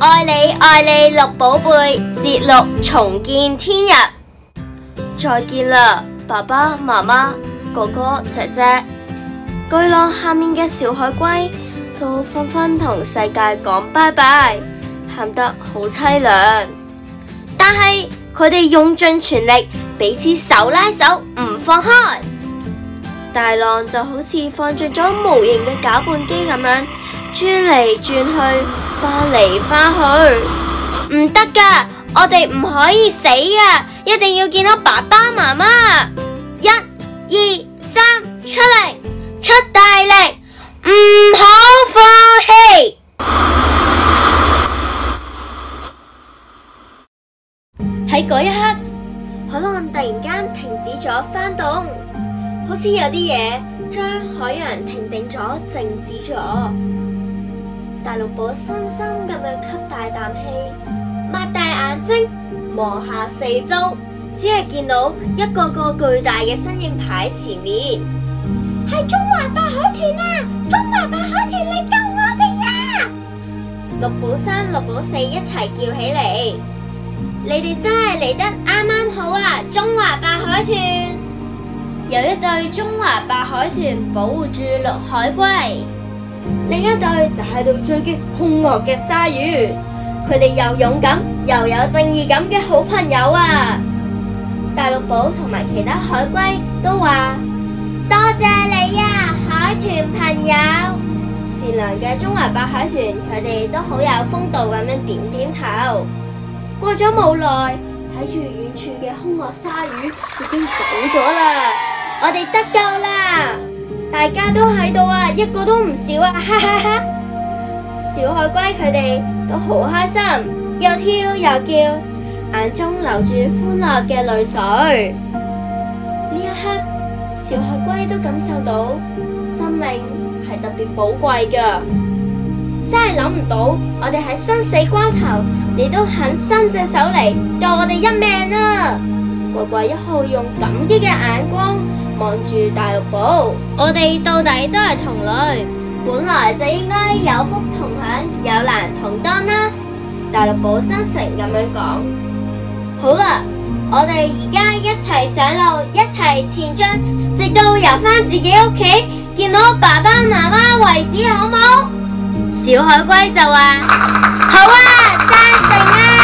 愛你愛你綠寶貝，節錄重見天日，再見啦，爸爸媽媽、哥哥、姐姐，巨浪下面嘅小海龜都紛紛同世界講拜拜，喊得好淒涼。但係佢哋用盡全力，彼此手拉手唔放開，大浪就好似放進咗無形嘅攪拌機咁樣轉嚟轉去。翻嚟翻去唔得㗎，我哋唔可以死啊！一定要見到爸爸媽媽。一、二、三，出力，出大力，唔好放棄。喺嗰一刻，海浪突然間停止咗翻動，好似有啲嘢將海洋停定咗、靜止咗。大綠寶深深咁樣吸大啖氣，擘大眼睛望下四周，只係見到一個個巨大嘅身影排前面。係中華白海豚啊！中華白海豚嚟救我哋呀、啊！綠寶三、綠寶四一齊叫起嚟：，你哋真係嚟得啱啱好啊！中華白海豚有一對中華白海豚保護住綠海龜。另一對就喺度追擊兇惡嘅鯊魚，佢哋又勇敢又有正義感嘅好朋友啊！大綠寶同埋其他海龜都話多謝你啊，海豚朋友！善良嘅中華白海豚佢哋都好有風度咁樣點點頭。過咗冇耐，睇住遠處嘅兇惡鯊魚已經走咗啦，我哋得救啦！大家都喺度啊，一個都唔少啊，哈哈哈，哈！小海龜佢哋都好開心，又跳又叫，眼中流住歡樂嘅淚水。呢一刻，小海龜都感受到生命係特別寶貴噶，真係諗唔到，我哋喺生死關頭，你都肯伸隻手嚟救我哋一命啊！乖乖一號用感激嘅眼光。望住大陸寶，我哋到底都係同類，本來就應該有福同享，有難同當啦。大陸寶真誠咁樣講。好啦，我哋而家一齊上路，一齊前進，直到游翻自己屋企，見到爸爸媽媽為止，好冇？小海龜就話：好啊，讚成啊！